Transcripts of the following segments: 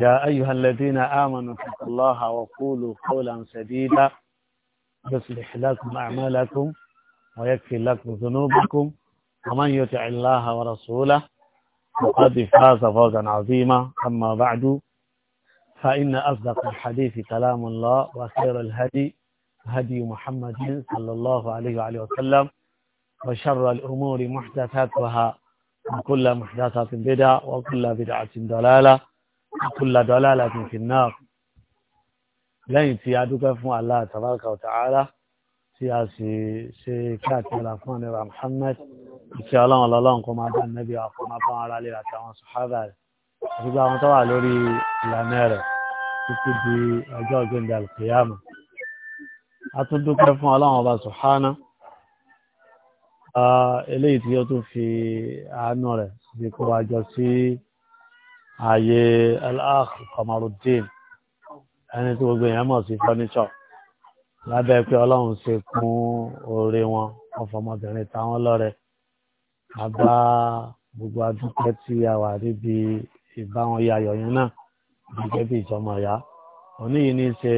يا أيها الذين آمنوا اتقوا الله وقولوا قولا سديدا يصلح لكم أعمالكم ويكفي لكم ذنوبكم ومن يطع الله ورسوله فقد فاز فوزا عظيما أما بعد فإن أصدق الحديث كلام الله وخير الهدي هدي محمد صلى الله عليه وآله وسلم وشر الأمور محدثاتها وكل محدثات بدعة وكل بدعة ضلالة وكل ضلالة في النار لين في عدوك فون الله تبارك وتعالى سياسي سيكات على فون محمد إن الله الله نقوم على النبي وقوم على علي وعلى الصحابة أجيب أن طبعا لوري لانير تبدي أجوع جند القيامة أتدوك فون الله سبحانه eléyìí tí ó tún fi àánú rẹ̀ bí kó wájọ sí ààyè al-Akh Kamaruddin ẹni tí gbogbo èèyàn mọ̀ sí fọ́níṣọ̀ lábẹ́ pé ọlọ́run ṣe kún oore wọn ọ̀fọ̀mọbìnrin táwọn lọ́rẹ̀ àbá gbogbo adúpẹ́ tí a wà níbi ìbáwọn yayọ̀ yẹn náà gẹ́gẹ́ bí ìjọmọ ìyá òní yìí ní ṣe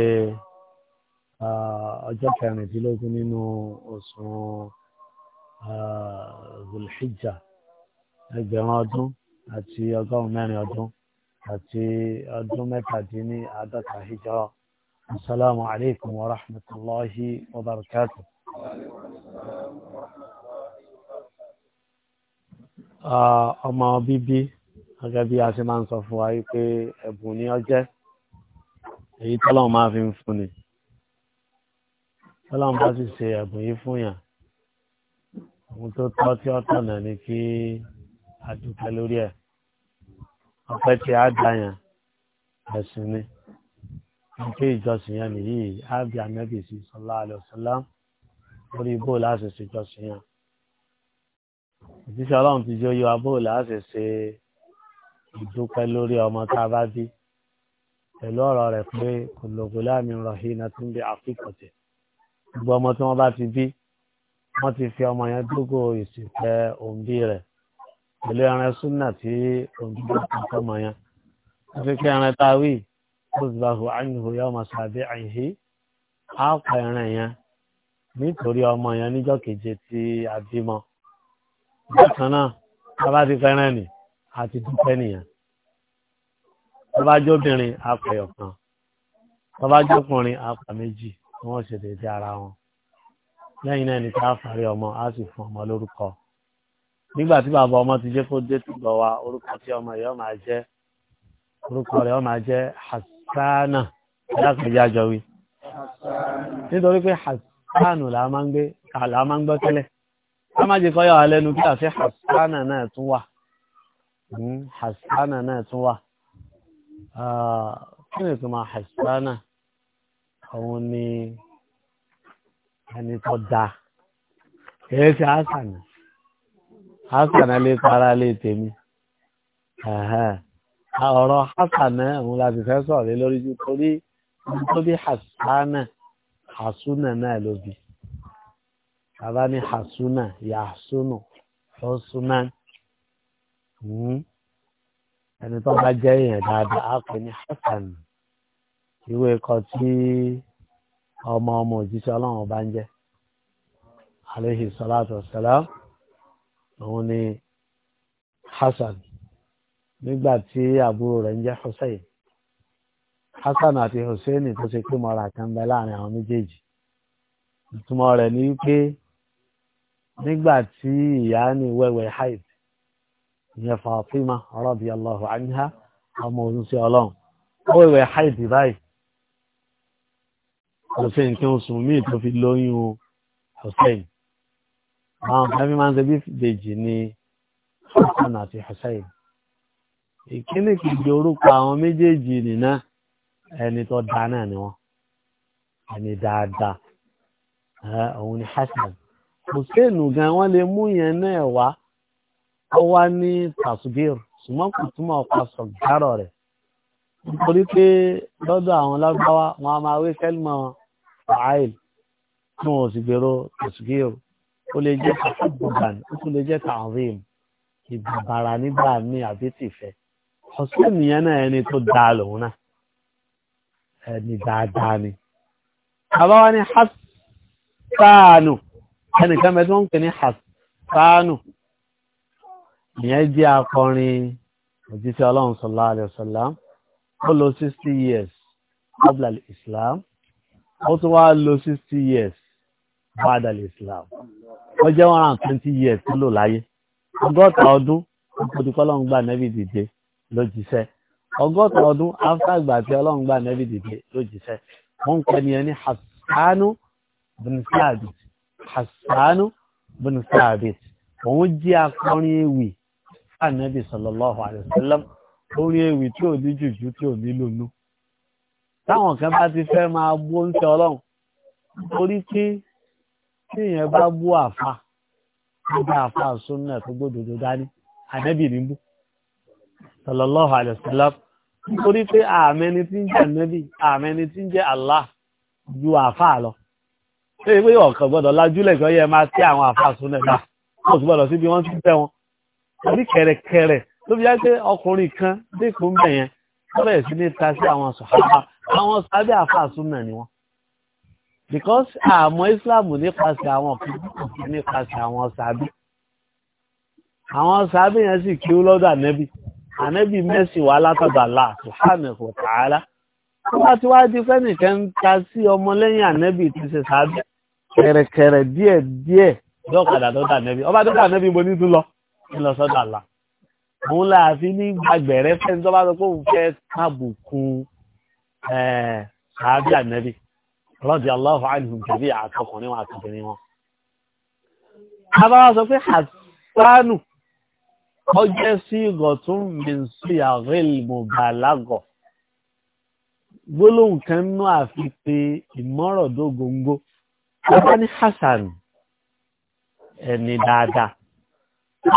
ọjọ́ kẹrìndínlógún nínú oṣù Zulhijja ẹgbẹ̀rún ọdún àti ọgọ́rùn-ún mẹ́rin ọdún àti ọdún mẹ́tàdínní àádọ́ta hijra asalaamu alaykum wa rahmatulahi wa barakatu. ọmọ bíbí gẹ́gẹ́ bí a ṣe máa ń sọ fún wa wípé ẹ̀bùn ni ó jẹ́ èyí tọ́lọ́run máa fi ń fúnni tọ́lọ́run bá sì ṣe ẹ̀bùn yìí fún yàn ohun tó tọ́ tí ó tọ̀nà ni kí a dúpẹ́ lórí ẹ̀ ọpẹ́ tí a dá yẹn ẹ̀sìn ni nígbà ìjọsìn yẹn nìyí ábí anábì sí sọlá àlọsọlá lórí bóòlù àṣẹṣe ìjọsìn yẹn òjíṣẹ́ Ọlọ́run ti jẹ oyè wa bóòlù àṣẹṣe ìdúpẹ́ lórí ọmọ tá a bá bí pẹ̀lú ọ̀rọ̀ rẹ̀ pé kò lògùn láàmì rọhìn náà tún bí àfikọtẹ gbogbo ọmọ tí wọ́n bá ti bí wọ́n ti fi ọmọ yẹn dógò ìsìnkẹ òǹbí rẹ̀ pẹ̀lú ẹran súnà tí òǹdíjọ́ kan sọmọ yẹn wọ́n fi pé ẹran táwí ó sì bá hùwà ánìhò yọ ọmọ sàbí àìhí á pa ẹran yẹn nítorí ọmọ yẹn níjọ́ keje tí a bímọ bákan náà a bá ti fẹ́ràn nì àti dúpẹ́ nìyẹn tó bá jóbìnrin á pa ẹyọ̀kan tó bá jókùnrin á pa méjì wọ́n ṣe déédéé ara wọn lẹ́yìn náà ni ká fàárí ọmọ á sì fún ọmọ lórúkọ nígbà tí bàbá ọmọ ti jẹ́ kó dé tìgbọ̀ wa orúkọ tí ọmọ yọ máa jẹ́ orúkọ rẹ̀ ọ máa jẹ́ hasana alákùnrin àjọ wí nítorí pé hasanu là máa ń gbé àlà máa ń gbọ́ tẹ́lẹ̀ a máa jẹ́ kọ́yọ̀ alẹ́nu kí àṣẹ hasana náà tún wà hmm, hasana náà tún wà ah, kí ni ìtumọ̀ hasana òun ni ẹni tó dáa kìí ṣe hasana hasan lè para lè tèmi ọ̀rọ̀ hasan òun láti fẹ́ sọ̀rọ̀ lé lórí ju torí tó bí hasana hasuna náà ló bí bàbá ní hasuna yasunu hosuna ẹni tó bá jẹ́ èèyàn dáadáa á pè hasan ìwé kan tí ọmọ ọmọ òjíṣẹ́ ọlọ́run bá ń jẹ́ aleyhi salatu wa salam. òun ni Hasan nígbà tí àbúrò rẹ̀ ń jẹ́ Hussein Hasan àti Hussein tó ṣe pé mọ́ra kan bẹ láàrin àwọn méjèèjì ìtumọ̀ rẹ̀ ni pé nígbà tí ìyá ní wẹ́wẹ́ haid ìyẹn Fatima radiyallahu anha ọmọ òun sí ọlọ́run wẹ́wẹ́ haid báyìí Hussein kí n sùn míì tó fi lóyún Hussein. àwọn ọ̀fẹ́mí máa ń tẹ́bí ìbejì ní Hassan àti Hussein ìkíní kìí orúkọ àwọn méjèèjì nìna ẹni tó dá náà ni wọn ẹni dáadáa òun ni Hassan Hussein gan wọn lè mú yẹn náà wá ó wá ní tasgir ṣùgbọ́n kò túmọ̀ ọ̀pá sọ̀gárọ̀ rẹ̀ nítorí pé lọ́dọ̀ àwọn lágbáwá wọn a máa wé kẹ́lìmọ̀ fàáìl tí wọn ò sì gbèrò tasgir ó lè jẹ́ tàbùbàn ó tún lè jẹ́ tààzim ìbàbàrà nígbà míì àbí tìfẹ́ ọ̀sùn nìyẹn náà ẹni tó dáa lòun náà ẹni dáadáa ni àbáwá ní hasanu ẹnìkan mẹ́tí wọ́n ń pè ní hasanu ìyẹn jẹ́ akọrin òjíṣẹ́ ọlọ́run sallallahu alaihi ó lo sixty years qabla al-islam ó tún wá lo sixty years bàdàlì islam wọ́n jẹ́ one hundred twenty years tó lò láyé ọgọ́ta ọdún nítorí kọ́lọ́n gbà nẹ́bí dìde ló jíṣẹ́ ọgọ́ta ọdún after gbà tí ọlọ́run gbà nẹ́bí dìde ló jíṣẹ́ wọ́n ń pẹ́ nìyẹn ní hassanu bin sabit hassanu bin sabit òun jẹ́ akọrin ewì fànẹ́bí sallallahu alaihi wasallam orin ewì tí ò ní jùjú tí ò ní lónú táwọn kan bá ti fẹ́ máa bó ń tẹ ọlọ́run torí pé tí èèyàn bá bú àfa nígbà àfa súnà tó gbódòdó dání ànábì ní bú sallallahu alaihi wasallam nítorí pé àmẹni tí ń jẹ ànábì àmẹni tí ń jẹ Allah ju àfa lọ ṣé pé ọ̀kan gbọ́dọ̀ lajúlẹ̀ kí wọ́n yẹ máa tí àwọn àfa súnà náà kò sì gbọ́dọ̀ síbi wọ́n ti tẹ́ wọn orí kẹrẹkẹrẹ ló fi jẹ́ ọkùnrin kan dẹ́kun bẹ̀yẹn wọ́n bẹ̀rẹ̀ sí wọ́n because àmọ́ Islam nípasẹ̀ àwọn kìí nípasẹ̀ àwọn sàbí àwọn sàbí yẹn sì kí ó lọ́dọ̀ ànẹ́bí ànẹ́bí mẹ́sì wà látọ̀dọ̀ Allah subhanahu wa ta'ala tó bá ti wá di fẹ́nìkẹ́ ń ta sí ọmọ lẹ́yìn ànẹ́bí ti ṣe sàbí kẹ̀rẹ̀kẹ̀rẹ̀ díẹ̀ díẹ̀ lọ́kadà lọ́dọ̀ ànẹ́bí ọba tó dà ànẹ́bí bo nítú lọ ní lọ sọ́dọ̀ Allah òun láàfin ní gbàgbẹ̀rẹ́ fẹ́ni tó bá sọ pé òun fẹ́ rọ́dì aláhù àìhùn tàbí àtọkùnrin wọn àtọkùnrin wọn. Abára sọ pé Hassanu, ó jẹ́ sí ìgọ̀tún Mìnsí Àrẹ́l Mùbàlágọ̀. Gbólóhùn kan nú àfi pé ìmọ́rọ̀dó góńgó. Ọba ní Hassan, ẹni dáadáa.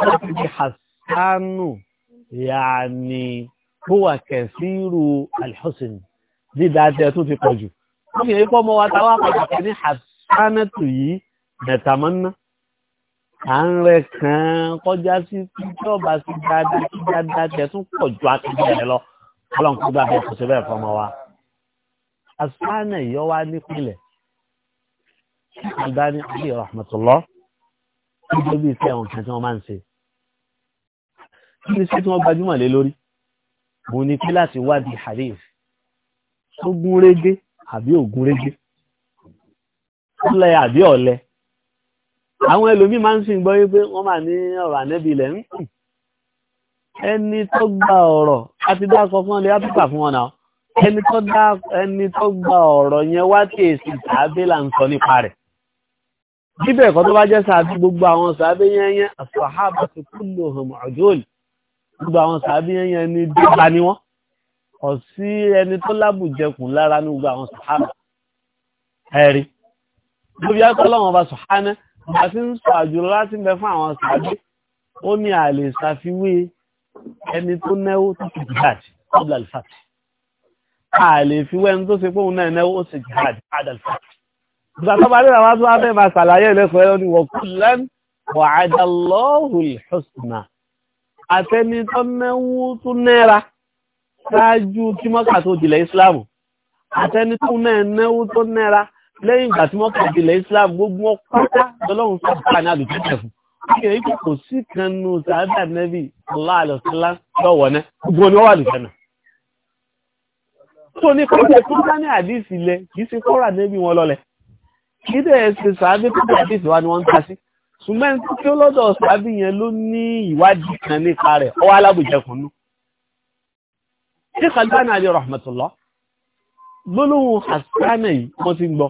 Ọba ti di Hassanu, yàní, kówà kẹ̀síru Alhussein, dídáadẹ́ tó ti pọ̀ jù wọ́n fi ẹ̀kọ́ mọ́ wa táwà pàtàkì ní àtànẹ́tù yìí mẹ̀tàmọ́ná à ń rẹ kàn kọjá sí tíjọba sí dáadáa sí dáadáa tẹ̀sùn pọ̀ ju akíndé rẹ lọ ọlọ́run kó gbà bẹ́ẹ̀ kò sí bẹ́ẹ̀ fọmọ wa àtànẹ́ yọ wá nípìnlẹ̀ àdáni àbí rahmatullah nígbà bí iṣẹ́ àwọn kan tí wọ́n àbí ògùn régé ọlẹ àbí ọlẹ àwọn ẹlòmíì máa ń sìn gbọ́ wípé wọ́n máa ní ọ̀rọ̀ ànẹ́bí ilẹ̀ ń kù ẹni tó gba ọ̀rọ̀ àti dákọ fún ọlẹ áfíríkà fún ọ̀nà ẹni tó dá ẹni tó gba ọ̀rọ̀ yẹn wá tí èsì tàbí là ń sọ nípa rẹ̀ bíbẹ̀ ẹ̀kọ́ tó bá jẹ́ sàbí gbogbo àwọn sàbí yẹn yẹn àfàhábà ti kúlò hàn gbogbo àwọn sàbí yẹn yẹn ni dọ́gba ni wọ́n ọ̀sí ẹni tó lábùjẹkùn lára ní gbogbo àwọn sàhábà ẹ̀rí lóbi akọ́lọ́wọ́n bá sọ̀hánẹ́ bá ti ń sọ àjùlọ láti ń bẹ fún àwọn sàájú ó ní àlè ṣàfiwé ẹni tó náwó tó ti jihad ọdún alifati àlè fiwé ẹni tó ṣe pé òun náà náwó ó ṣe jihad ọdún alifati ìgbà bá rí àwọn tó wá fẹ́ máa ṣàlàyé ẹlẹ́kọ̀ọ́ ẹ̀rọ ni wọ́n kú lẹ́n wàhádà ṣáájú kí mọ́kà tó dìlẹ̀ islam àtẹni tó náà náwó tó nára lẹ́yìn ìgbà tí mọ́kà dìlẹ̀ islam gbogbo wọn pátá lọ́lọ́run sábà ní àlùjẹ́jẹ̀ fún kíkẹ́ ikú kò sí kan nù sàádà nẹ́bí aláàlọ́sílá lọ́wọ́ náà gbogbo ni wọ́n wà lùjẹ́nà tó ní kọ́kẹ́ tó bá ní àdìsí lẹ kìí ṣe kọ́ra nẹ́bí wọn lọ́lẹ̀ kí dẹ̀ ṣe sàábí tó bá àdìsí wa ni wọ́n ń ta sí ṣùgbọ́n tí ó lọ́dọ̀ sàábí yẹn ló ní ìwádìí kan nípa rẹ̀ ọwọ́ ṣe kàlùbánà alẹ́ rahmatullah gbólóhùn àsánà yìí wọ́n ti gbọ́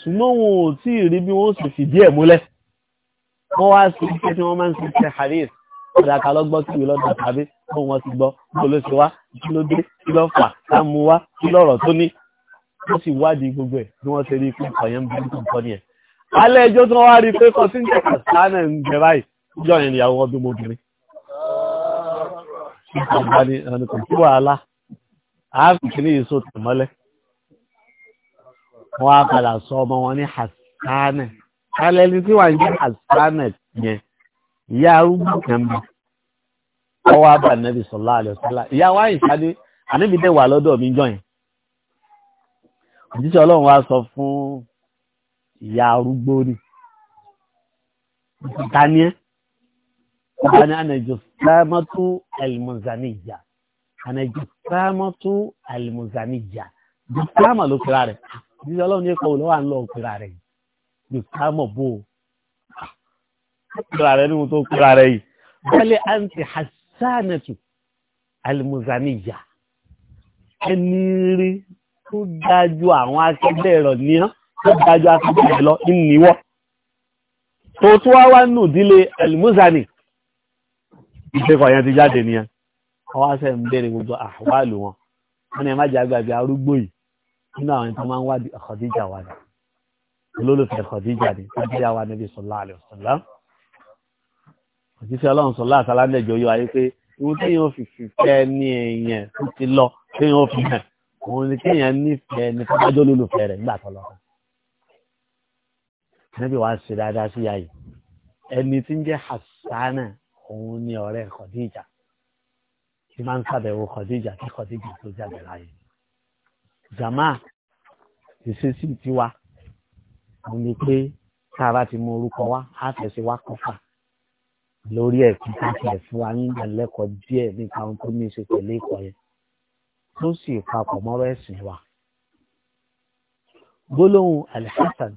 ṣùgbọ́n wọn ò tí ì rí bí wọ́n sì fìdí ẹ̀ múlẹ̀ wọ́n wá sí iṣẹ́ tí wọ́n máa ń sì ṣe hadith ọ̀dàkà lọ́gbọ́n sí ìlọ́dà tàbí wọ́n wọ́n ti gbọ́ bó ló ṣe wá kí ló dé kí ló fà tó ní wọ́n sì wádìí gbogbo ẹ̀ bí wọ́n ṣe rí ikú ọ̀yẹ́ ń bí ìgbàni ẹni kò tí wàhálà ààfin kìíní yìí sóòtù mọ́lẹ̀ wọ́n á padà sọ ọmọ wọn ní hasanẹ kálẹ̀ ní tí wàá ń jẹ́ hasanẹ yẹn ìyá arúgbó kan bí ọwọ́ abà nẹ́bí sọ̀lá àlẹ́ sọ́lá ìyá wa ìsáré àníbi dẹ̀ wà lọ́dọ̀ mi jọ òjíṣẹ́ ọlọ́run wa sọ fún ìyá arúgbó ni ìtàníẹ́ أنا أنا جسامة المزنية أنا جسامة المزنية جسامة لو كرارة jíjẹ ọlọ́run ní kọ́wọ́ lọ́wọ́ à ń lọ òpèrà rẹ̀ yìí ká mọ̀ bó o òpèrà rẹ̀ ní mo tó òpèrà rẹ̀ yìí bẹ́lẹ̀ àǹtí hasanatu alimuzaniya ẹni rí tó dájú àwọn akẹgbẹ́ rẹ̀ ní ọ́ tó dájú akẹgbẹ́ rẹ̀ lọ ìníwọ́ tó tó wá wá nù dílé alimuzani ìgbẹ́kọ̀ yẹn ti jáde nìyẹn àwọn aṣẹ́ ń bẹ̀rẹ̀ gbogbo àwàlù wọn wọn ni ẹ má jẹ́ àgbàgbé arúgbó yìí nínú àwọn tó máa ń wádìí Khadija wà ní olólùfẹ́ Khadija ní Khadija wà níbi sọlá àlẹ́ sọlá òjíṣẹ́ ọlọ́run sọlá àtàlá nẹ̀jọ́ yọ ayé pé ìwọ téèyàn fi fìfẹ́ ní èèyàn tó ti lọ téèyàn fi hàn òun ni téèyàn nífẹ̀ẹ́ ní fọ́jọ́ olólùfẹ́ rẹ̀ nígbà tó lọ. níbi wàá ṣe dáadáa sí yàyí ẹni tí ń jẹ́ Hasana òun ni ọ̀rẹ́ Khadija tí máa ń ṣàbẹ̀wò Khadija kí Khadija tó jáde láyé jama ìṣesí tiwa mo ní pé tá a bá ti mú orúkọ wa á fẹsẹ̀ wá kọfà lórí ẹ̀kí káfíẹ̀ fún wa ní ìdánilẹ́kọ̀ọ́ díẹ̀ nípa ohun tó ní í ṣe pẹ̀lú ìkọ̀ yẹn tó sì papọ̀ mọ́rọ̀ ẹ̀sìn wa gbólóhùn alhassan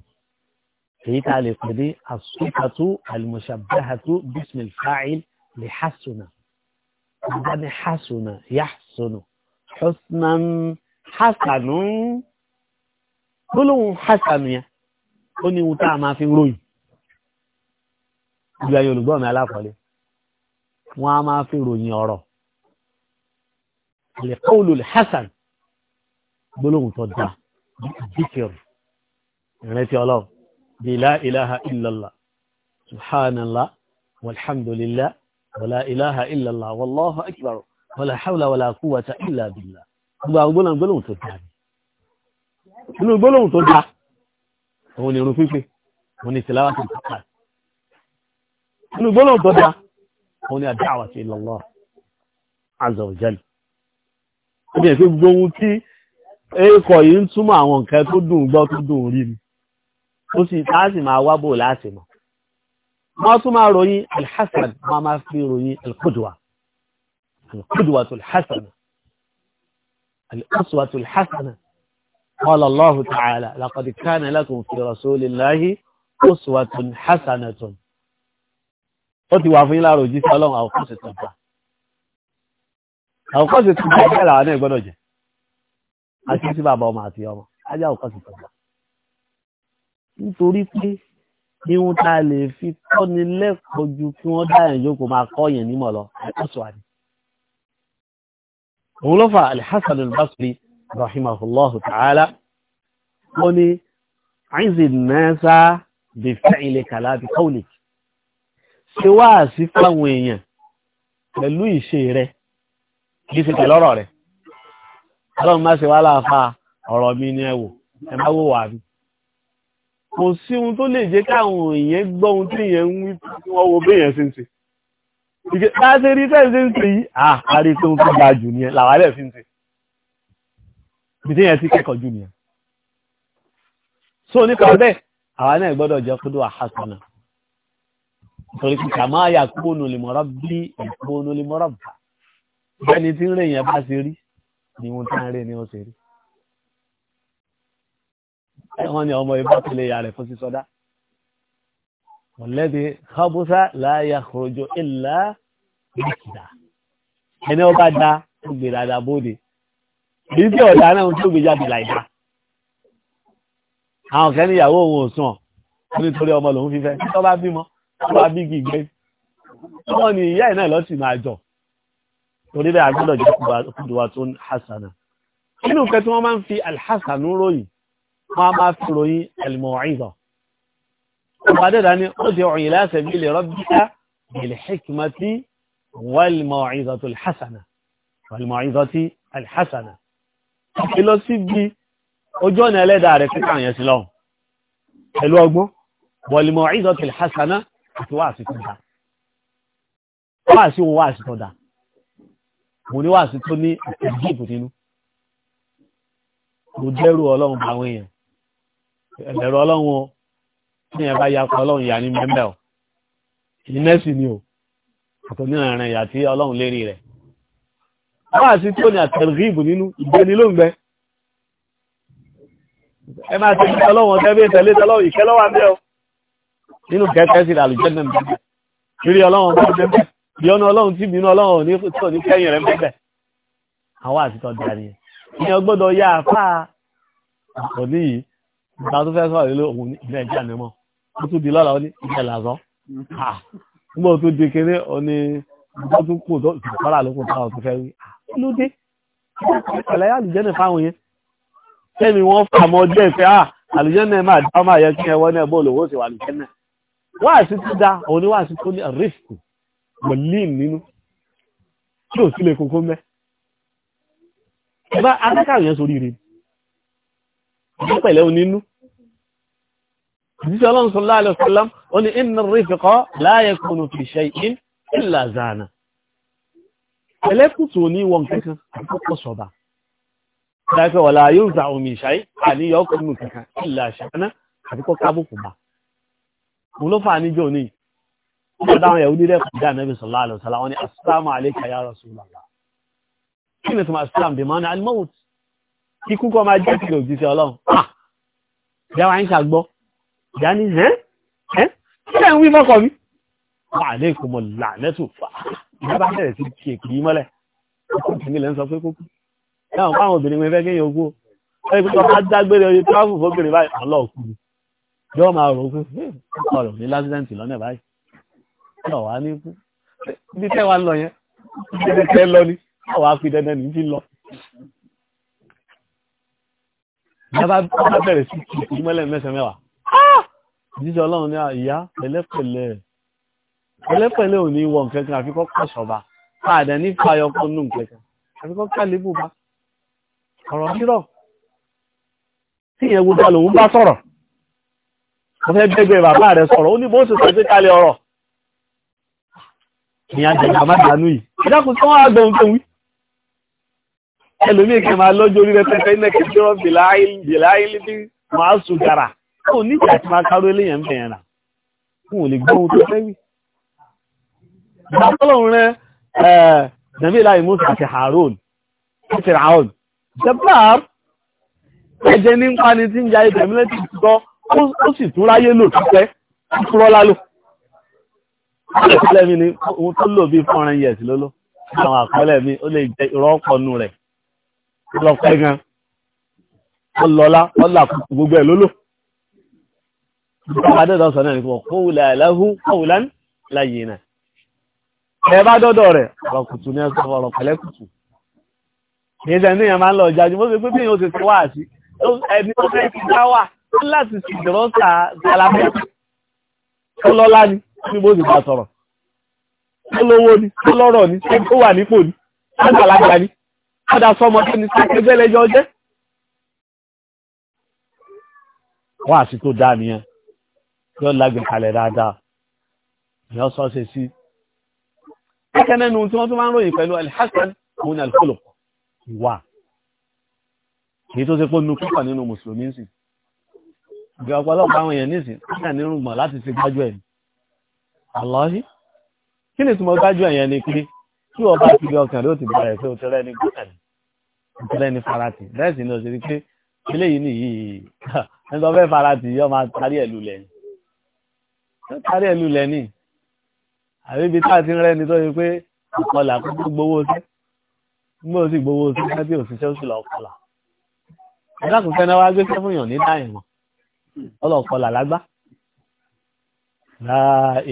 èyí tá a lè pè ní asúkàtú alimusabahatu bismil fa'il lè hasuna nígbà ní hasuna yahsunu husnan hasanu gbólóhùn hasanu yẹn ó ní ohun tá a máa fi ròyìn ìgbà yorùbá mi alákọ̀ọ́lẹ̀ wọ́n á máa fi ròyìn ọ̀rọ̀ alẹ́kọ́ọ̀lù hasan gbólóhùn tó dáa bí àdìkẹ̀rù ìrètí ọlọ́run. بلا إله إلا الله سبحان الله والحمد لله ولا إله إلا الله والله أكبر ولا حول ولا قوة إلا بالله gbogbo gbólóhùn tó dáa inú gbólóhùn tó dáa òun ni irun pípé òun ni tìláwà tó dáa inú gbólóhùn tó dáa òun ni àdáwà sí ilọ̀lọ́ azza wa jalla ó jẹ́ pé gbogbo ohun tí èkọ̀ yìí ń túmọ̀ àwọn nǹkan tó dùn gbọ́ tó dùn rí ni ó sì táàsì máa wábò láti mọ̀ wọ́n tún máa ròyìn alhassan wọ́n máa fi ròyìn alkudwa alkudwa tulhassana al'aswa tulhassana قال الله تعالى لقد كان لكم في رسول الله أسوة حسنة قلت وعفين لا رجي سلام أو قصة تبا أو قصة تبا لا أنا يقول وجه أشياء بابا وما أتي يوم أجا أو قصة تبا nítorí pé ihun tá a lè fi kọ́ni lẹ́kọ̀ọ́ ju kí wọ́n dá yẹn jókòó máa kọ́ yẹn nímọ̀ lọ ẹ̀kọ́sọ̀ àdì. òun ló fà alhassan al-basri rahimahullahu ta'ala ó ní àìsí nẹ́sà bí fẹ́ìlì kàlábì kọ́ọ̀lì ṣe wá sí fáwọn èèyàn pẹ̀lú ìṣe rẹ̀ kì í ṣe pẹ̀lú ọ̀rọ̀ rẹ̀ ọlọ́run má ṣe wá láàfà ọ̀rọ̀ mi ni ẹ wò ẹ wò wà mí kò sí ohun tó lè jẹ́ káwọn èèyàn gbọ́ ohun tí èèyàn ń wí tí wọ́n wo béèyàn ṣe ń ṣe ìgbé láti rí tẹ́ ṣe ń ṣe yìí àárí pé ohun tó ga jù nìyẹn làwálẹ̀ fi ń ṣe ibi tí èèyàn ti kẹ́kọ̀ọ́ jù nìyẹn so nípa bẹ́ẹ̀ àwa náà gbọ́dọ̀ jẹ́ kúdú àhásánà torí pé kàmá àyà kúbónú lè mọ́rọ́ bí ìkúbónú lè mọ́rọ́ bá ṣe ni wọ́n ń rè wọ́n ní ọmọ ibà tẹ̀lé ìyá rẹ̀ fún sí sọ́dá ọ̀lẹ́dẹ̀ kábúsá láàyà kòròjò ìlà ìkìdá ẹni ọba dá ó gbé dáadáa bóde èyí tí ọ̀dà náà tó gbé jáde láìdá àwọn kan ní ìyàwó òun ò sùn ọ nítorí ọmọ lòun fífẹ́ tó bá bímọ tó bá bí gígbé wọ́n ní ìyá ẹ̀ náà lọ sì máa jọ torí bẹ́ẹ̀ agbọ́dọ̀ jẹ́ kúdùwà tó ń hasana nínú kẹ́ wọ́n máa ń fi alhassanu ròyìn máa máa fi ròyìn al-mau'iza ọba dẹ́dà ni ó di ọ̀yìn ila sabili rabbika bil-hikmati wal-mau'izati al-hasana wal-mau'izati al-hasana ìlọ síbi ojú ọ̀nà ẹlẹ́dà rẹ̀ kíkà yẹn sí lọ́wọ́ pẹ̀lú ọgbọ́n wal èèyàn ẹ̀bẹ̀rù ọlọ́run o ní ẹ̀bá yakọ̀ ọlọ́run ìyà ní mẹ́mẹ́ o ìnẹ́sì ni o àtò ní àárín ìyà tí ọlọ́run lérí rẹ̀ wọ́n àti tó ní àtẹ̀rìbù nínú ìgbéni ló ń gbẹ ẹ máa tẹ̀lé ọlọ́run tẹ́bí tẹ̀lé tọ́lọ́run ìkẹ́ lọ́wọ́ abẹ́ o nínú kẹ́kẹ́ sí àlùjẹ́nà mẹ́mẹ́ rírí ọlọ́run tó mẹ́mẹ́ ìyọnu ọlọ́run tí bínú ọlọ́run ní tó ní kẹ́yìn yá àfáà àkọ́ní yìí ìgbà tó fẹ́ sọ̀rọ̀ lé òun ilé ẹja ni mọ́ ó tún di lọ́la ó ní ilẹ̀ làzọ́ nígbà tó di kéré ó ní ìgbà tó kù tó ìpàrà ló kù táwọn tó fẹ́ wí kí ló dé ìpàlẹ́ àlùjẹ́nì fáwọn yẹn kẹ́mi wọ́n fà mọ́ dé pé à àlùjẹ́nì máa dá máa yẹ kí ẹwọ́ náà bóòlù owó sì wà àlùjẹ́nì wáàsí tó dá òun ni wáàsí tó ní rísìkì pẹ̀lín nínú tí ò sí kókó mẹ́ ẹ bá adákàwé yẹn sórí rèé ní pẹ̀lẹ́ onínú jíṣẹ́ ọlọ́run sallallahu alaihi wasallam ó ní inna ar-rifqa la yakunu fi shay'in illa zana ẹlẹ́kùtù ní wọn kankan àkọ́kọ́ sọ̀bà dákẹ́ wà láàyè ń za omi ìṣáyé àníyàn ọkùnrin kankan illa shana àdúkọ́ kábùkù bá mo ló fà níjọ́ ní ọmọ dáwọn yẹ̀wú nílẹ̀ kò kíkú kọ́ máa jẹ́ ìlò òjíṣẹ́ ọlọ́run ah! ìyáwá ń ṣàgbọ́ ìyá ní ẹ́ ẹ́ kí lẹ́ ń wí fọ́kọ̀ mi wà ní ìkùnmọ̀ lànẹ́tù fà ìyá bá bẹ̀rẹ̀ sí kí èkì mọ́lẹ̀ ọkùn tí nílẹ̀ ń sọ pé kókú dáhùn fáwọn obìnrin mi fẹ́ kí èèyàn gbó ẹ pé ọba dágbére oye tíráfù fóbìnrin báyìí àlọ́ òkú yóò máa rò pé ọkọ rò ní lásìdẹ́ǹtì lọ́nà báyìí lọ wá ní kú ibi tẹ́ wa lọ yẹn ibi tẹ́ lọ ni ọwọ́ á fi bá bẹ̀rẹ̀ sí kìí mẹ́lẹ̀ mẹ́sẹ̀ mẹ́wàá ah! jíjẹ́ ọlọ́run ní ah, ìyá pẹ̀lẹ́pẹ̀lẹ́ pẹ̀lẹ́pẹ̀lẹ́ ò ní wọ nǹkankan àfikọ́ kọ̀ṣọ̀ba káàdẹ̀ ní fàyọkọ́ nù nǹkankan àfikọ́ kálíbù bá ọ̀rọ̀ sírọ̀ tí ìyẹn gbogbo lòun bá sọ̀rọ̀ mo fẹ́ bẹ́gbẹ́ bàbá rẹ̀ sọ̀rọ̀ ó ní bó ṣe sọ kalẹ̀ ọ̀rọ̀ ìyẹn àjẹ̀gbà má dànù yìí ìdákùn tí wọ́n á gbọ́n tó wí ẹlòmíì kan máa lọ́jọ́ orí rẹpẹtẹ ilẹ̀ kẹjọ́ bìláìlì bí máa sùn dára kò ní ìjà tí máa káró eléyàn ń bẹ̀yàn rà fún òlè gbóhun tó fẹ́ wí. ìgbàtọ́lọ́run rẹ nàbílá ìmúsà àti harold àti raoul jabbar ẹ̀jẹ̀ ní ń pani tí ń ja ìtẹ̀mílẹ́tì gbọ́ ó sì tún ráyé lò tọ́pẹ́ fúrọ́ lálò. ìpínlẹ̀ mi ni ohun tó lò bí fọ́nrin yẹ̀sì lóló àwọn àkọọ́lẹ̀ mi ó lè jẹ ìrọ́pọ̀nù rẹ̀ ọlọ́pẹ́ gan ọlọ́lá ọlọ́pẹ́ gbogbo ẹ̀ lólò adọ́dọ̀ sọ náà ní fún ọkọ̀wùlà ẹ̀lẹ́hún ọ̀wùlá láyé náà ẹ bá dọ́dọ̀ rẹ̀ ọ̀rọ̀ kùtù ní ẹsẹ̀ ọ̀rọ̀ pẹ̀lẹ́ kùtù ní ẹsẹ̀ ní ìyẹn máa ń lọ jájú mo sì pé bí ìyẹn ó ti ti wá àti ẹni tó fẹ́ ti dá bá sọ̀rọ̀ tó lówó ni tó lọ́rọ̀ wà nípò ni tó gbàlagbà padà sọmọ tó ní sáké bẹ́lẹ̀ jọ jẹ́ wọ́n àti tó dá nìyẹn yóò lágbẹ̀ kalẹ̀ dáadáa yóò sọ ṣe sí ẹkẹ nẹnu tí wọ́n tún máa ń ròyìn pẹ̀lú alhassan òun alkhuluq ìwà èyí tó ṣe pé nu púpọ̀ nínú mùsùlùmí sì ìgbà ọ̀pọ̀lọpọ̀ àwọn èèyàn nísìn kíkà nírùngbọ̀n láti ṣe gbájú ẹ̀ aláhi kí ni túnmọ̀ gbájú ẹ̀yẹn ni pé tí ọba ti bí ọkàn yóò ti bẹ̀rẹ̀ pé o tẹ́lẹ̀ ní gbọ́dọ̀ ní o tẹ́lẹ̀ ni farati bẹ́ẹ̀ sì ni o ṣe rí pé eléyìí nìyí ẹni tó fẹ́ farati yóò máa tarí ẹ̀ lulẹ̀ ni yóò tarí ẹ̀ lulẹ̀ ni àbí ibi tá a ti ń ni tó ṣe pé ọ̀pọ̀là kó tó gbowó sí nígbà tó sì gbowó sí lábẹ́ òṣìṣẹ́ oṣù lọ́kọ̀là alákùnfẹ́ náà wá gbé sẹ́fún yàn ní dáhìn wọn ọlọ́kọ̀là lágbá la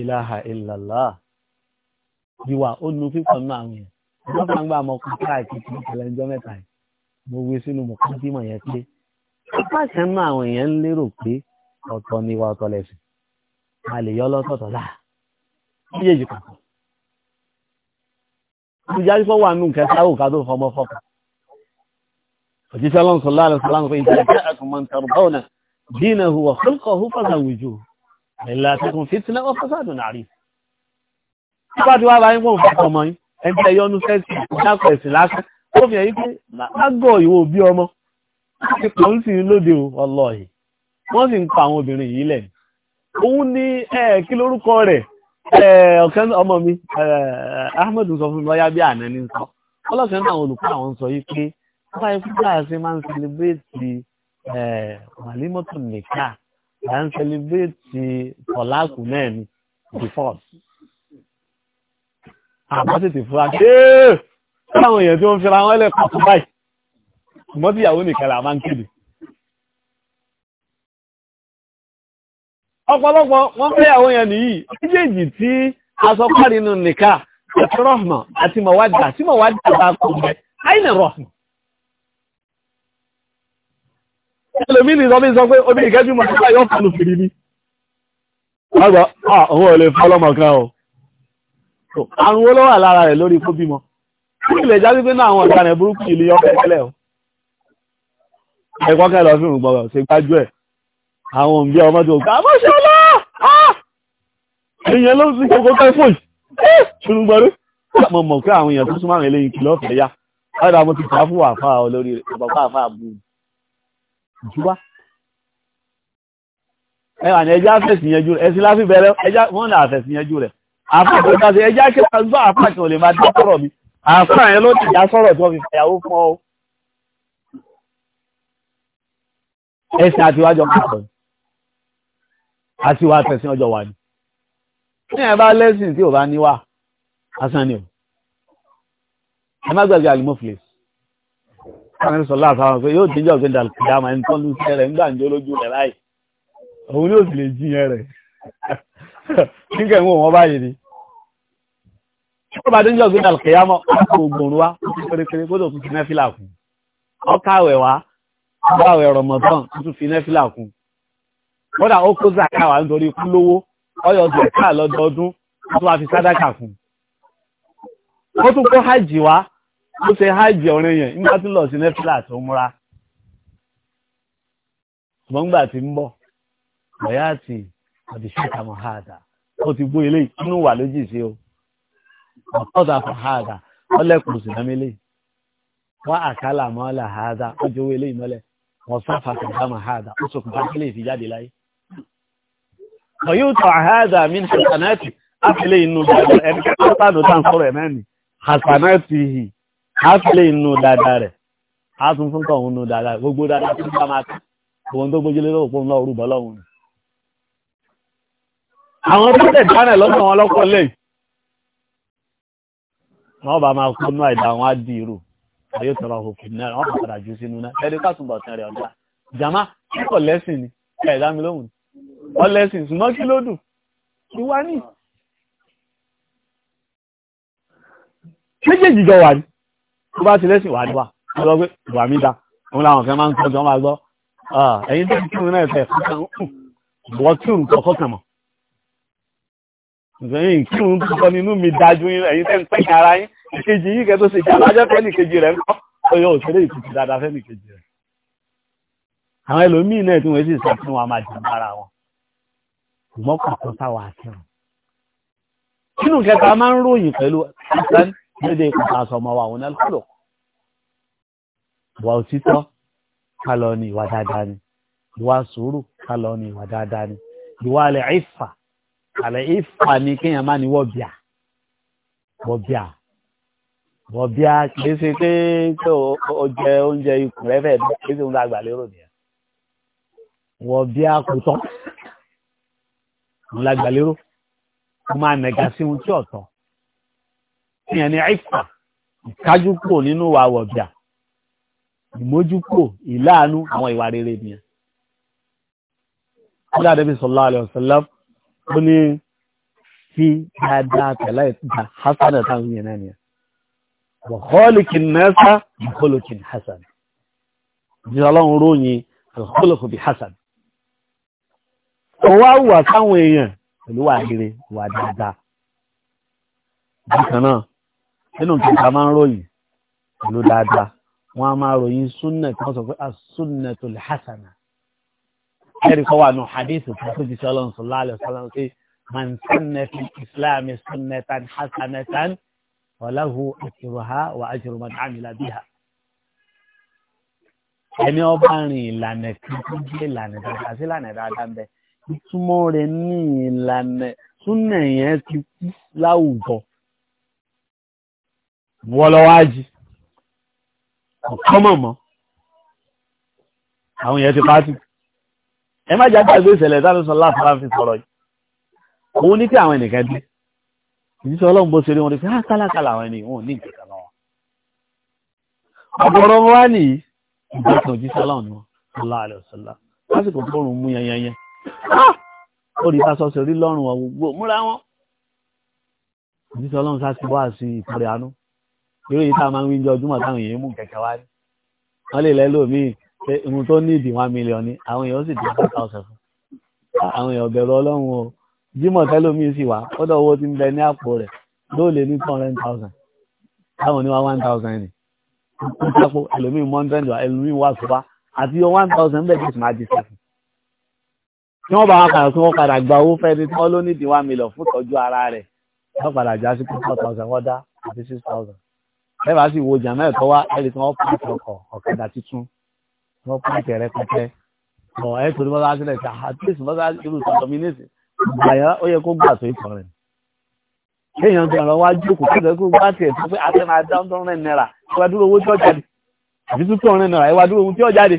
ilaha illallah ìwà ó nu fífọ̀ nínú àwọn yẹn wọ́n fà ń gbà mọ́ kó káàkiri ìṣẹ̀lẹ̀ ọjọ́ mẹ́ta yìí mo wé sínú mọ̀ kó dímọ̀ yẹn pé apáṣẹ nínú àwọn èèyàn ń lérò pé ọ̀tọ̀ ni ìwà ọ̀tọ̀ lẹ̀sìn a lè yọ lọ́tọ̀ọ̀tọ̀ láà méjèèjì kọ̀ọ̀kan. ìjárí fọ́ wà nù kẹta ó ká tó fọmọ fọ́kà òjíṣẹ́ lọ́nà sọ̀lá àlọ́ sọ̀lá pé ìjẹ́ jẹ́ àtúmọ̀ntàrú bọ́ọ̀nà dínà hùwà kọ́lùkọ̀ hù fọ́sà wùjú ẹ̀là tẹkùn fìtínà wọ́n fọ́sà dùn àríf bá ti wá bá yín fóun fún ọmọ yín ẹni tẹ yọnu sẹ́sì ìdákọ̀ ẹ̀sìn lásán ó fi hàn yí pé lágọ̀ ìwò òbí ọmọ ti pọ̀ ń sì lóde o ọlọ́ọ̀hìn wọ́n sì ń pa àwọn obìnrin yìí lẹ̀ òun ní kí lórúkọ rẹ̀ ọ̀kan ọmọ mi Ahmed sọ fún mi lọ́yá bí àná ní sọ ọlọ́kan náà àwọn olùkọ́ àwọn sọ yìí pé wọ́n báyìí fún kíláàsì máa ń sẹlẹ̀bẹ̀tì wàlímọ́tò nìkà à ń sẹlẹ̀bẹ̀tì eh, tọ̀láàkù náà àbá tètè fúra ṣe láwọn èèyàn tí wọ́n fira wọ́n lẹ́pàá tó báyìí ṣùgbọ́n tí ìyàwó nìkan là máa ń kéde ọ̀pọ̀lọpọ̀ wọ́n fẹ́ ìyàwó yẹn nìyí méjèèjì tí aṣọ párí nù nìka àti rọ́hmà àti mọ̀wádà tí mọ̀wádà bá kò àìní rọ́hmà ẹlòmí ni ìsọmí sọ pé obìnrin kẹjú mọ̀ nípa yóò fọlù fìrí ni. wọ́n gbọ́ ah, àrùn wo ló wà lára rẹ̀ lórí kó bímọ kí ilẹ̀ já sí pé náà àwọn ọ̀gá rẹ̀ burúkú ìlú yọ kẹ́kẹ́lẹ̀ o ẹ̀kọ́ kẹ́ lọ fíìmù gbọ́dọ̀ ṣe gbájú ẹ̀ àwọn òǹbí ọmọ tó gbà mọ́ ṣọlá èèyàn ah! ló sì kókó fẹ́ fòyì eh, ṣùgbọ́n gbọ́rí mo mọ̀ pé àwọn èèyàn tó súnmọ́ àwọn eléyìí kìlọ̀ fẹ́ yá ọ̀dà mo ti fà fún àfà olórí rẹ̀ bàbá àfà bù ìjúbá ẹ̀wà ni ẹjá fẹ̀sìyànjú rẹ̀ ẹ̀sìn láfi bẹ̀rẹ̀ ẹjá wọ́n là fẹ̀sìyànjú rẹ̀ àfàkọ́ta sí ẹjá kí wọ́n gbọ́ àfàkọ́ lè máa dẹ́kọ̀rọ̀ mi àfà ẹ̀ ló dìjà sọ̀rọ̀ tó fi fàyàwó fún ọ ẹ̀sìn àti wájọ pàtàkì àti wá tẹ̀sìn ọjọ́ wa ni ní ẹ̀ bá lẹ́sìn tí ò bá níwà asán ni ò ẹ má gbàgbé àlùmọ́fìlẹ̀ káàkiri sọ láàfà wọn pé yóò díjọ́ pé dàlùkìdámà ẹni tó ń lu sí rẹ̀ nígbà ń jó lójú rẹ̀ láì òun ni ó sì lè jí yẹn rẹ̀ nígbà ìwọ̀n wọn báyìí ni tó bá dé ń jọ̀gbìn àlùkìyàmọ́ oògùn ruwa pérépéré kó tó tún fi nẹ́fìlà kún ọkàwẹ̀ wá ọkàwẹ̀ rọmọdán tún fi nẹ́fìlà kún kódà ó kó zaka wà nítorí ikú lówó ọyọ zaka lọ́dọọdún ó tún wá fi sádàkà kún ó tún kó hajj wá ó ṣe hajj ọ̀rẹ́ yẹn nígbà tó lọ sí nẹ́fìlà tó múra ṣùgbọ́n gbà tí ń bọ̀ bọ̀yá àti àdìsí ìtàmọ̀ háàdà ó ti gbó ilé inú wà lójì sí o ọ̀tọ́dà fún hàdà ọlẹ́kùn sí lámílẹ̀ wọ́n àkálà mọ́lá hàdà wọ́n jẹ́ owó ilé ìmọ́lẹ̀ wọ́n sáfà kàdámà hàdà ó sọkùn bá kílè fi jáde láyé wọ́n yóò tọ̀ hàdà min hasanati áfilé inú dada ẹni kẹ́kọ̀ọ́ tánù tán sọ̀rọ̀ ẹ̀mẹ́ ni hasanati hì áfilé inú dada rẹ̀ á tún fún kọ̀ òun nù dada gbogbo dada tó bá máa tán òun tó gbójúlé lọ́wọ́ fún lọ́rùbọ́ lọ́wọ́ àwọn tó tẹ̀ dáná lọ́sàn-án ọlọ́kọ̀ lẹ́yìn wọ́n bá máa kó nú àìdá wọn á di irú ayé tọrọ òfin náà wọ́n padà jù sínú náà ẹni kàtúbọ̀ tán rẹ̀ ọ̀dà jàmá kíkọ̀ lẹ́sìn ni ẹ̀ dámi lóhùn ọ lẹ́sìn ṣùgbọ́n kí ló dùn kí wá ní. méjèèjì jọ wà ní tó bá ti lẹ́sìn wà ní wà wọ́n lọ pé ìwà mi da òun làwọn kan máa ń tọ́jú wọn máa gbọ́ ah, ẹ̀yin tó ti kírun náà ẹ̀fẹ̀ ìwọ́ kírun kọ̀ọ̀kan mọ̀ ìsẹ̀yìn kí òun tó sọ nínú mi dájú ẹ̀yin tẹ́ ń pẹ́ ara yín ìkejì yìí kẹ́ tó ṣe kí alájọ́ fẹ́nì kejì rẹ̀ ń kọ́ ọyọ òṣèré ìtìtì dáadáa fẹ́nì kejì rẹ̀ àwọn ẹlòmíín náà tí wọ́n sì sọ fún wa máa jẹ mára wọn ṣùgbọ́n kò tó sáwà àtẹ̀wọ̀n nínú kẹta máa ń ròyìn pẹ̀lú ẹ̀sán lédè ìpàtà àsọmọ wa òun ẹlọ́lọ́ ìwà òtítọ́ kálọ̀ ni ìwà dáadáa ni ìwà sùúrù kálọ̀ ni ìwà dáadáa ni ìwà alẹ́ ìfà àlẹ́ ìfà ni kéèyàn má ní wọ̀bìà wọ̀bìà wọ̀bìà kìí ṣe pé pé o jẹ oúnjẹ ikùn rẹ fẹ́ẹ́ bẹ́ẹ̀ kìí ṣe oúnjẹ àgbàlérò nìyẹn wọ̀bìà kò tọ́ òun lágbàlérò ó máa nẹ̀gà sí ohun tí ọ̀tọ̀ ìyẹn ni ìfà ìkájú kúrò nínú wa wọ̀bìà ìmójúkò ìláàánú àwọn ìwà rere nìyẹn. Ọlá Adébísọ̀lá Alẹ́ Ọ̀sẹ̀lẹ́fù ó ní sí dáadáa pẹ̀lá ìta hasana táwọn yẹn náà nìyà wọ̀hólìkìn nẹ́sà wọ̀hólìkìn hasan jíra ọlọ́run ròyìn alhólìkù bí hasan ọwọ́ àwùwà sáwọn èèyàn pẹ̀lú wà rere wà dáadáa bákan náà nínú kẹta máa ń ròyìn pẹ̀lú dáadáa wọ́n á máa ròyìn súnnà tí wọ́n sọ pé asúnnà tó lè hasana ẹ̀rí kọ́ wà nù hadithu tó ti sọ́lọ́ nsọ́lá alẹ́ sọ́lá ṣe man sanna fi islam sunnatan hasanatan ọ̀làhu àtìrọ̀há wà àjùrù man amila biha. ẹni ọba rìn ìlànà kan tó jẹ́ ìlànà dáadáa sí ìlànà dáadáa ń bẹ ìtumọ̀ rẹ̀ ní ìlànà súnà yẹn ti kú láwùjọ. wọ́lọ́wájì ọ̀kọ́mọ̀mọ́ àwọn yẹn ti pàtó ẹ má jáde àgbé ìṣẹ̀lẹ̀ dáadọ́ sọ láàfàrà fi sọ̀rọ̀ yìí òun ní kí àwọn ẹnìkan dé ìjíṣẹ́ ọlọ́run bó ṣe rí wọn ní pé á ah, kálákálá àwọn ẹni wọn ò ní ìkẹ̀kẹ̀ náà ọ̀pọ̀rọ̀ wá ní ìgbẹ́kan òjíṣẹ́ ọlọ́run ní ọláàlẹ̀ ọ̀sọ́lá lásìkò tó rùn mú yanyanyan ah! ó rí bá sọ́sẹ̀ rí lọ́rùn wọn gbogbo múra wọn òjíṣẹ́ ọlọ́run sáà ti wá sí ìtọ́rẹ̀ àánú eré yìí tá a máa ń wí pé ìwọ̀n tó ní ìdí one million ni àwọn èèyàn sì dín five thousand fún àwọn èèyàn bẹ̀rù ọlọ́run o jimoh tẹ́lómi sì wá kọ́dọ̀ owó ti ń bẹ ní àpò rẹ̀ lóòlè ní two hundred thousand táwọn oníwà one thousand ni ìpínlẹ̀pọ̀ ẹlòmíì one hundred wa ẹlòmíì wà sọ́wá àti one thousand bẹ́ẹ̀ tẹ̀sí máa di sẹ́fún tí wọ́n bá wọn kàrọ̀ tí wọ́n padà gba owó fẹ́ ni wọ́n ló ní ìdí one million fún ìtọ́jú ara rẹ̀ wọ́n padà já sí four thousand wọ́n dá àti six thousand bẹ́ẹ̀ bá sì wo jàmáà ẹ̀tọ́ wá ẹ̀rí tí wọ́n pàṣẹ ọkọ̀ ọ̀kadà tuntun wọ́n pín tẹ̀rẹ́ pẹ́pẹ́ ọ̀ ẹ́ torí mọ́tà sílẹ̀ sí àtúnṣe mọ́tà irú ìtọ́jọ́ mi níṣẹ́ gbàyà ó yẹ kó gbà tó ìtàn rẹ̀ kéèyàn ti ọ̀rọ̀ wá jókòó kí ẹ̀kọ́ bá tiẹ̀ tó pé àti máa dá ọ̀tọ̀ rẹ̀ náírà ìwà dúró owó tí ó jáde àbí tó tọ̀ rẹ̀ náírà ìwà dúró ohun tí ó jáde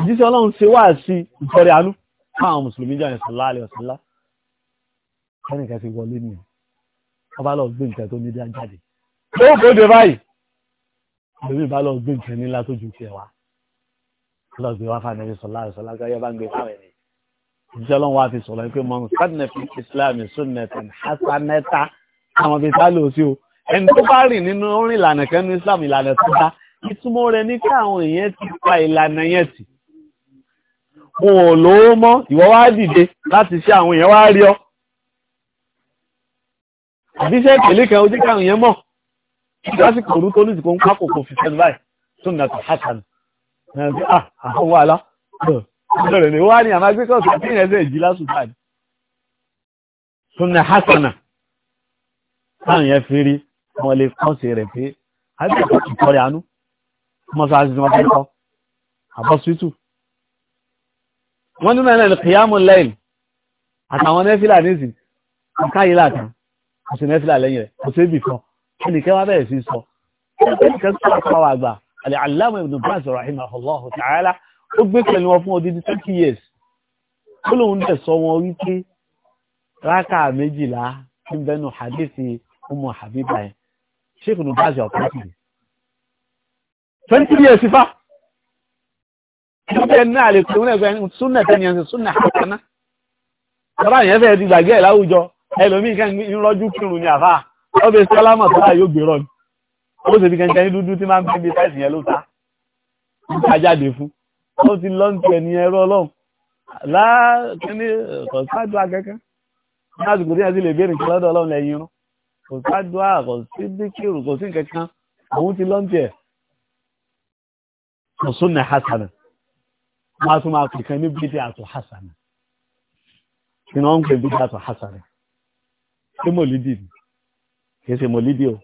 ìjíṣẹ́ ọlọ́run ṣe wá sí ìtọ́rẹ̀ àánú káwọn mùsùlùmí jọ ìṣọ̀lá àlẹ́ ọ̀ṣọ́lá lọ́gbẹ̀ wá fún ẹni sọ̀lá sọ̀lá gáyọ́ bá ń gbé fáwọn ẹni ìjọlọ́ wa ti sọ̀rọ̀ pé mọ̀ sọ́dínẹ̀fì islam sunnatan hasanata àwọn bíi tá lò sí o ẹni tó bá rìn nínú orin ìlànà kan ní islam ìlànà tó dá ìtumọ̀ rẹ̀ ní kí àwọn èèyàn ti pa ìlànà yẹn tì wọn ò lówó mọ́ ìwọ wá dìde láti ṣe àwọn èèyàn wá rí ọ àbíṣẹ́ ìpèlé kan ojú káwọn èèyàn mọ̀ lásìkò orúkọ olùsìnkò ń pákòkò fi sẹ́nu báyìí sunnatan hasanata àwọn wàhálà ọ̀rọ̀ ni wá ní àmà gbé kọ́ọ̀sì àti ìrẹsẹ̀ ìjì lásùpá ni sunna hasana táwọn yẹn fi rí wọn lè kọ́ọ̀sì rẹ̀ pé àti ìkọrẹ̀ àánú mọ́sáàsì tí wọ́n fẹ́ kọ́ àbọ̀sítù wọ́n nínú ẹ̀rẹ́ ní kìyàmù lẹ́yìn àtàwọn nẹ́fìlà nísìn káyìí látàn kò sí nẹ́fìlà lẹ́yìn rẹ̀ kò sí ibì kan ẹnìkẹ́ wá bẹ̀rẹ̀ sí sọ ẹnìkẹ́ sọ́ra àgbà Al-Allama Ibn Baz rahimahullahu ta'ala ó gbé pẹ̀lú wọn fún odidi 20 years ó lóun dẹ̀ sọ wọn wípé rákà méjìlá ń bẹnu hadithi Ummu Habiba yẹn Sheikh Ibn Baz ọ̀pọ̀ 20 years fa ẹgbẹ́ náà lè pè wọ́n ẹgbẹ́ súnà tẹ́ni ẹ̀sìn súnà àkànná bàbá yẹn fẹ́ẹ́ ti gbàgbé ẹ̀ láwùjọ ẹlòmíì kan ń ó sì fi kẹ̀kẹ́ ní dúdú tí máa ń gbé táìsì yẹn ló ta ajáde fún ó ti lọ́ǹtì ẹni ẹ̀rọ ọlọ́run láàkíní kò sáájú akẹ́kẹ́ lásìkò tí yẹn sì lè béèrè nǹkan lọ́dọ̀ ọlọ́run lẹ́yìn irun kò sáájú à kò sí díkìrù kò sí kankan òun ti lọ́ǹtì ẹ̀ kò sún ní hasana máa tún máa kọ̀kan ní bídí àtò hasana kí wọ́n ń pè bídí àtò hasana ṣé mòlídìí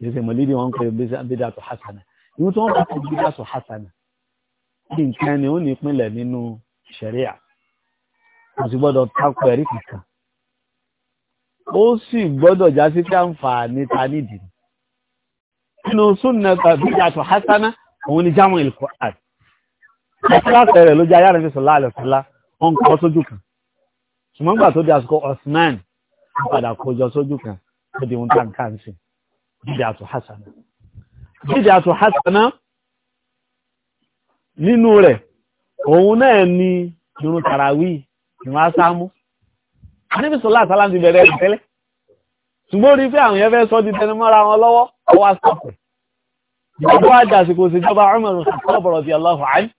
kìí ṣe mọ̀lídì wọn ń pè bídàtò hasana ìwú tí wọ́n bá ti bídàtò hasana kí nǹkan ni ó ní ìpínlẹ̀ nínú ṣẹ̀ríà kò sì gbọ́dọ̀ tako ẹ̀rí kankan ó sì gbọ́dọ̀ já sí pé àǹfààní ta nídìí nínú súnà bídàtò hasana òun ni jámù ìlkọ́ àti ìfúláṣẹ rẹ̀ ló jẹ́ ayára ní sọ̀lá àlẹ́ sọ̀lá wọn kọ́ sójú kan ṣùgbọ́n gbà tó di àsìkò osman padà kó sójú kan ó di ohun tá à ń kà ń sìn bídàtù hasana bídàtù hasana nínú rẹ̀ òun náà ni irun tàràwí ìrun asámú aníbìsọ́lá àtàlá ti bẹ̀rẹ̀ ìtẹ́lẹ̀ ṣùgbọ́n rí pé àwọn yẹn fẹ́ sọ di tẹnumọ́ra wọn lọ́wọ́ ọwọ́ asọ́pẹ̀ ìjọba àjàsìkò ìṣèjọba Umar Khattab radiyallahu anhu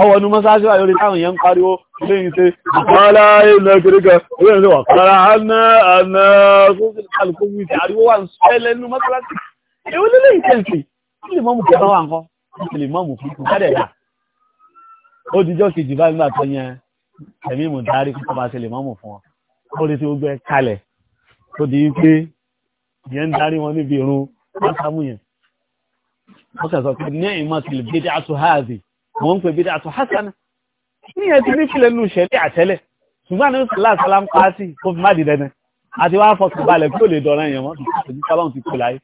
àwọn ọdún mọ́sáájú wà lórí táwọn èèyàn ń pariwo léyìn tí wọ́n láàáyé ilẹ̀ kìríkà orílẹ̀ ìṣẹ́ wà kára àná àná alùkúrú ìtì àríwó wà ń sọ ẹlẹ́nu mọ́sáájú ewu nílé ìtẹ́ǹtì ilé mọ́mù kẹta wà nǹkan ilé mọ́mù fún kádẹ̀dà ó dijọ́ kejì bá nígbà tó yẹn ẹ̀mí mù dárí kó tó bá ṣe lè mọ́mù fún ọ ó lè tí ó wọ́n ń pè bídá àtò hassan ní ẹ̀ tí ní kílẹ̀ nù ṣẹ̀rí àtẹ́lẹ̀ ṣùgbọ́n ní oṣù láàṣálá ń pa sí kó fi má di dandan àti wá fọkàn balẹ̀ kí ó lè dọ̀rọ̀ èèyàn wọn kò ní sábà ti kò láyé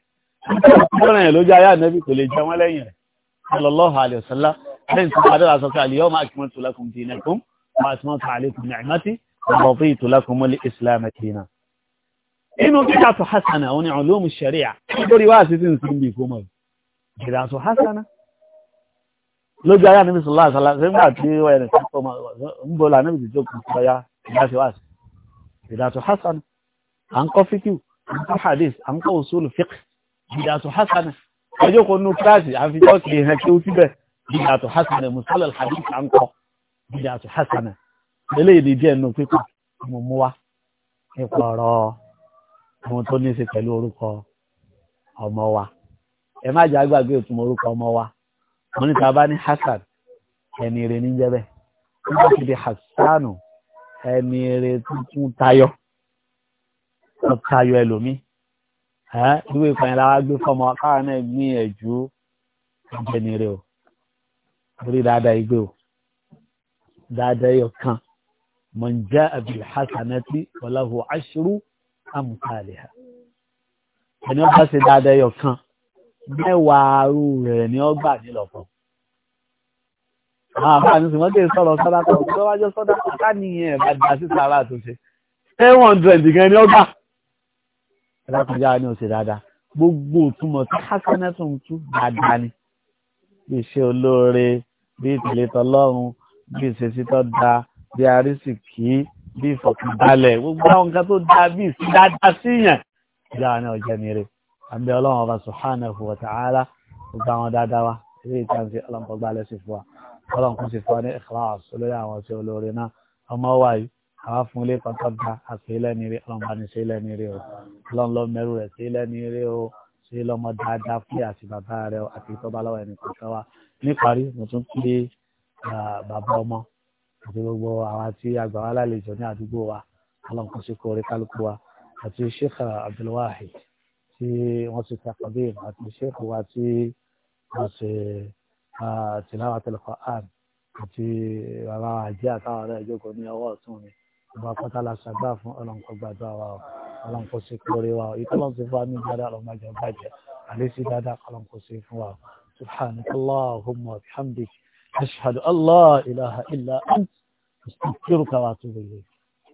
dọ̀rọ̀ èèyàn lójú ayé ànẹ́bí kò lè jẹun lẹ́yìn rẹ̀ sallallahu alaihi wasallam lẹ́yìn tí padà wà sọ pé al lójú ayé àníbi sọlá àṣàlá nígbà tí wọ́n ẹ̀rẹ̀ tó kọ́ ń bọ́ lànà ìdíjọ kù sọ́yá ìdáṣẹ́ wá sí ìdàtò hasan à ń kọ́ fíkì à ń kọ́ hadith à ń kọ́ usul fiqh ìdàtò hasan ọjọ́ kan nù kíláàsì àfi kọ́ sí ìhàn kí ó ti bẹ̀ ìdàtò hasan musala hadith à ń kọ́ ìdàtò hasan eléyìí di díẹ̀ nù pípọ̀ mo mú wa nípa ọ̀rọ̀ àwọn tó ní í ṣe pẹ̀lú orúkọ ọmọ wa ẹ má jẹ́ àgbàgbé ìtumọ̀ orúkọ ọmọ wa wọ́n ní tàbá ní hasan ẹni rẹ̀ ní jẹ́bẹ̀ nígbà tí di hasanu ẹni rẹ̀ tuntun tayọ tayọ ẹlòmíì ìwé ìkànnì làwọn gbé fọmọ káwọn náà gbìyànjú ẹni rẹ̀ o orí dáadáa igbe o dáadáa yọ kan man jaa bil hasanati walahu ashru amsalha ẹni wọ́n bá ṣe dáadáa yọ kan mẹ́wàá arú rẹ̀ ni ó gbà nílọ̀pọ̀. Àwọn àfáàní sì wọ́n lè sọ̀rọ̀ sọ́dátọ̀ tó wájọ́ sọ́dátọ̀ ká ní ẹ̀ bá dá sí sàárà tó ṣe. Ten hundred gan ni ó gbà. Ẹlẹ́kùnjá ni ó ṣe dáadáa. Gbogbo òtúmọ̀ tí Hásánẹ́tù ń tú dáadáa ni. Bí iṣẹ́ olóore, bí ìtìlẹ̀ tọlọ́run, bí ìṣesí tó da, bí arísìkí, bí ìfọ̀kànbalẹ̀, gbogbo àwọn nǹkan tó dáa bí ìsí síyàn. Ìjà ni ọ̀jẹ̀ mi àbí ọlọ́run ọba subhanahu wa ta'ala gbogbo àwọn dáadáa wa ilé ìtàn sí ọlọ́run kọ́ gbá lẹ́sìn fún wa ọlọ́run kún sí fún wa ní ikhlas olórí àwọn tí olórí náà ọmọ wa yìí àwa fún ilé kan tó ga àṣẹ lẹ́ni rí ọlọ́run bá ní ṣe lẹ́ni rí o ọlọ́run lọ mẹ́rù rẹ̀ ṣe lẹ́ni rí o ṣe lọ́mọ dáadáa fún àti bàbá rẹ̀ àti tó bá lọ́wọ́ ẹni kọ̀ọ̀kan wa níparí mo tún pé bàbá ọmọ àti gbogbo àwa tí àgbà wa lálejò ní àdúgbò wa ọlọ́run kún sí kó orí kálukú wa àti sheikh abdulwahid tí wọ́n ṣe takọ̀dé àti ṣéèkù wa tí wọ́n ṣe tìláwà tẹlifọ̀ àn àti bàbá àjẹ́ àtàwọn ará ìjókòó ní ọwọ́ ọ̀tún mi ọba pátálà ṣàgbà fún ọlọ́nkọ gbàdúrà wa ọlọ́nkọ sí kúrẹ́ wa ìtọ́lọ́n ti fún wa dáadáa ọlọ́mọdé sí fún wa subhanaka allahumma wa bihamdik ashhadu an ilaha illa ant astaghfiruka wa atubu ilayk